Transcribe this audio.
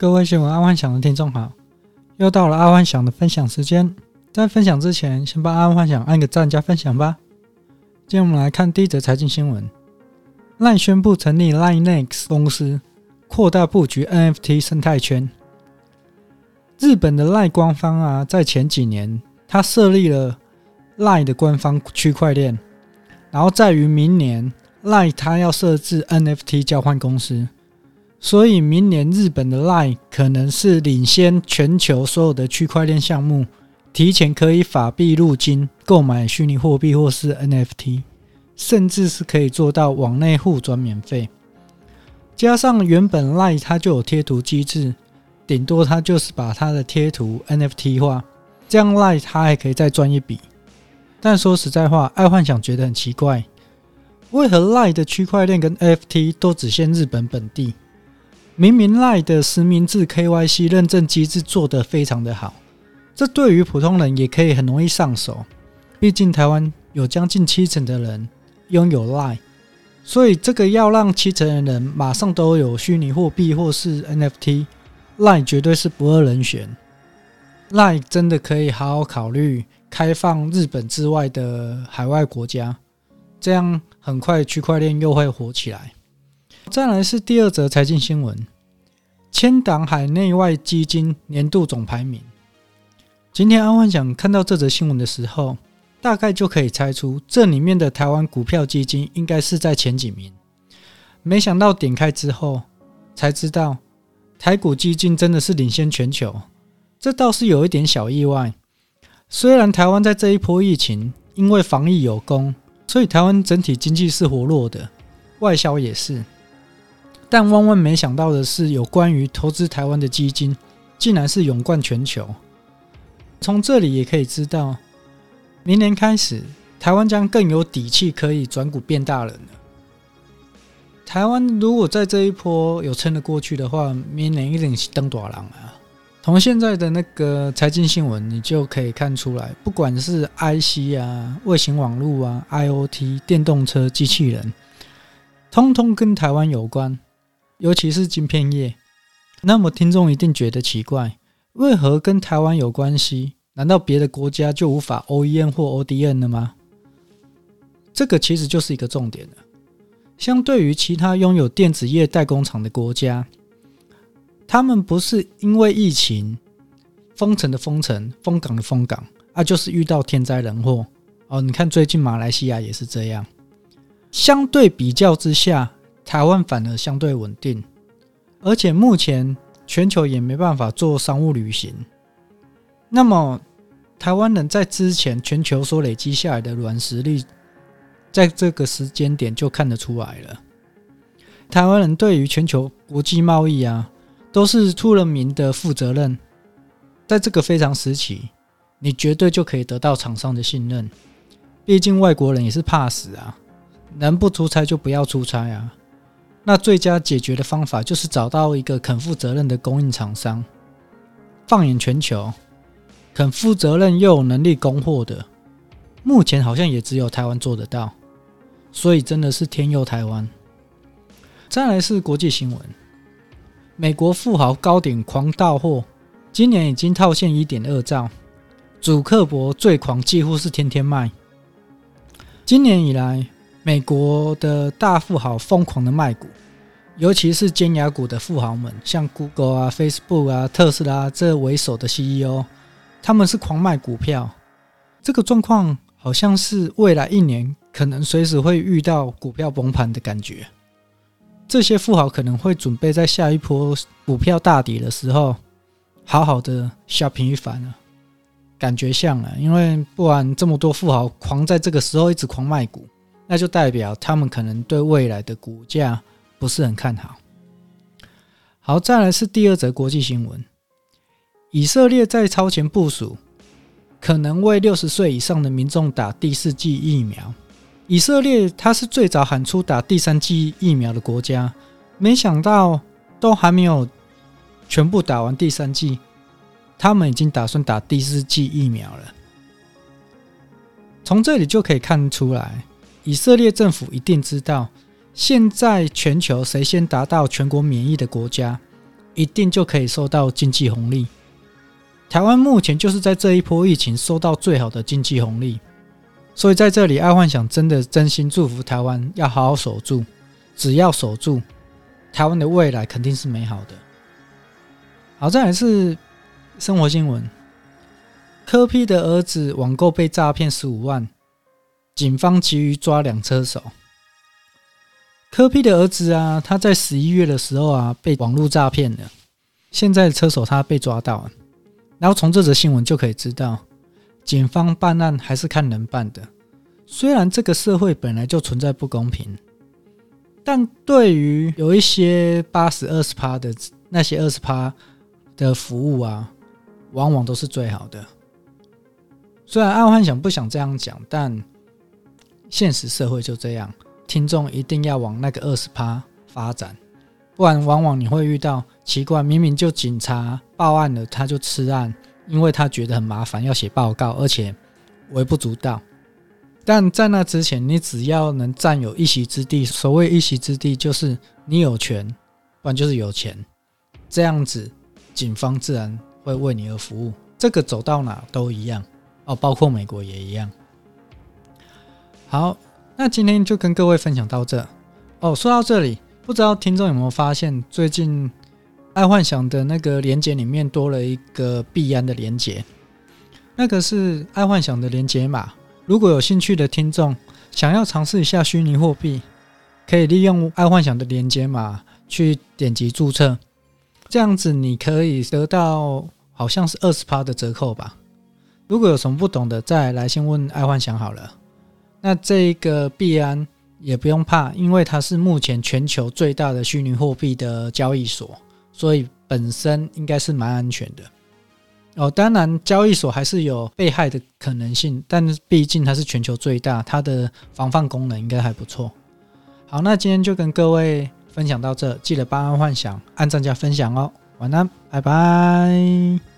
各位新聞阿幻想的聽眾好，又到了阿幻想的分享時間。在分享之前，先幫阿幻想按個讚加分享吧。今天我們來看第一則財經新聞：LINE 宣布成立 LINE NEXT 公司，擴大布局 NFT 生態圈。日本的 LINE 官方啊，在前幾年他設立了 LINE 的官方區塊鏈，然後在於明年 LINE 他要設置 NFT 交換公司。所以，明年日本的 LINE 可能是領先全球所有的區塊鏈項目，提前可以法幣入金購買虛擬貨幣或是 NFT，甚至是可以做到網內互轉免費。加上原本 LINE 它就有貼圖機制，頂多它就是把它的貼圖 NFT 化，這樣 LINE 它還可以再賺一筆。但說實在話，愛幻想覺得很奇怪，為何 LINE 的區塊鏈跟 NFT 都只限日本本地？明明 LINE 的實名制 KYC 認證機制做得非常的好，這對於普通人也可以很容易上手。畢竟台灣有將近七成的人擁有 LINE，所以這個要讓七成的人馬上都有虛擬貨幣或是 NFT，LINE 絕對是不二人選。LINE 真的可以好好考慮開放日本之外的海外國家，這樣很快區塊鏈又會火起來。再來是第二則財經新聞：千檔海內外基金年度總排名。今天安幻想看到這則新聞的時候，大概就可以猜出這裡面的台灣股票基金應該是在前幾名。沒想到點開之後才知道，台股基金真的是領先全球，這倒是有一點小意外。雖然台灣在這一波疫情因為防疫有功，所以台灣整體經濟是活絡的，外銷也是。但萬萬沒想到的是，有關於投資台灣的基金，竟然是勇冠全球。從這裡也可以知道，明年開始，台灣將更有底氣可以轉股變大人了。台灣如果在這一波有撐得過去的話，明年一定是當大人。啊！從現在的那個財經新聞，你就可以看出來，不管是 IC 啊、衛星網絡啊、IOT、電動車、機器人，通通跟台灣有關。尤其是晶片業，那麼聽眾一定覺得奇怪，為何跟台灣有關係？難道別的國家就無法 OEM 或 ODM 了嗎？這個其實就是一個重點了。相對於其他擁有電子業代工廠的國家，他們不是因為疫情封城的封城、封港的封港，啊，就是遇到天災人禍哦。你看最近馬來西亞也是這樣，相對比較之下。台灣反而相對穩定，而且目前全球也沒辦法做商務旅行，那麼台灣人在之前全球所累積下來的軟實力，在這個時間點就看得出來了。台灣人對於全球國際貿易啊，都是出了名的負責任，在這個非常時期，你絕對就可以得到廠商的信任，畢竟外國人也是怕死啊，能不出差就不要出差啊。那最佳解決的方法就是找到一個肯負責任的供應廠商。放眼全球，肯負責任又有能力供貨的，目前好像也只有台灣做得到。所以真的是天佑台灣。再來是國際新聞，美國富豪高點狂倒貨，今年已經套現一點二兆，祖克柏最狂，幾乎是天天賣。今年以來，美國的大富豪瘋狂的賣股。尤其是尖牙股的富豪們，像 Google 啊、Facebook 啊、特斯拉這為首的 CEO，他們是狂賣股票。這個狀況好像是未來一年可能隨時會遇到股票崩盤的感覺。這些富豪可能會準備在下一波股票大底的時候，好好的 shopping 一番了、啊。感覺像啊，因為不然這麼多富豪狂在這個時候一直狂賣股，那就代表他們可能對未來的股價，不是很看好。好，再來是第二則國際新聞：以色列在超前部署，可能為六十歲以上的民眾打第四劑疫苗。以色列它是最早喊出打第三劑疫苗的國家，沒想到都還沒有全部打完第三劑，他們已經打算打第四劑疫苗了。從這裡就可以看出來，以色列政府一定知道。現在全球誰先達到全國免疫的國家，一定就可以收到經濟紅利。台灣目前就是在這一波疫情收到最好的經濟紅利，所以在這裡，愛幻想真的真心祝福台灣要好好守住，只要守住，台灣的未來肯定是美好的。好，再來是生活新聞：柯 P 的兒子網購被詐騙十五萬，警方急於抓兩車手。柯 P 的兒子啊，他在十一月的時候啊，被網絡詐騙了。現在車手他被抓到了，然後從這則新聞就可以知道，警方辦案還是看人辦的。雖然這個社會本來就存在不公平，但對於有一些八十二十趴的那些二十趴的服務啊，往往都是最好的。雖然阿幻想不想這樣講，但現實社會就這樣。聽眾一定要往那個二十趴發展，不然往往你會遇到奇怪，明明就警察報案了，他就吃案，因為他覺得很麻煩，要寫報告，而且微不足道。但在那之前，你只要能佔有一席之地，所謂一席之地，就是你有權，不然就是有錢。這樣子，警方自然會為你而服務。這個走到哪都一樣，哦，包括美國也一樣。好。那今天就跟各位分享到這哦。說到這裡，不知道聽眾有沒有發現，最近愛幻想的那個鏈接裡面多了一個幣安的鏈接。那個是愛幻想的連接碼，如果有興趣的聽眾想要嘗試一下虛擬貨幣，可以利用愛幻想的連接碼去點擊註冊，這樣子你可以得到好像是二十趴的折扣吧。如果有什麼不懂的，再來先問愛幻想好了。那這個幣安也不用怕，因為它是目前全球最大的虛擬貨幣的交易所，所以本身應該是蠻安全的。哦，當然交易所還是有被害的可能性，但畢竟它是全球最大，它的防範功能應該還不錯。好，那今天就跟各位分享到這，記得幫忙幻想，按讚加分享哦，晚安，拜拜。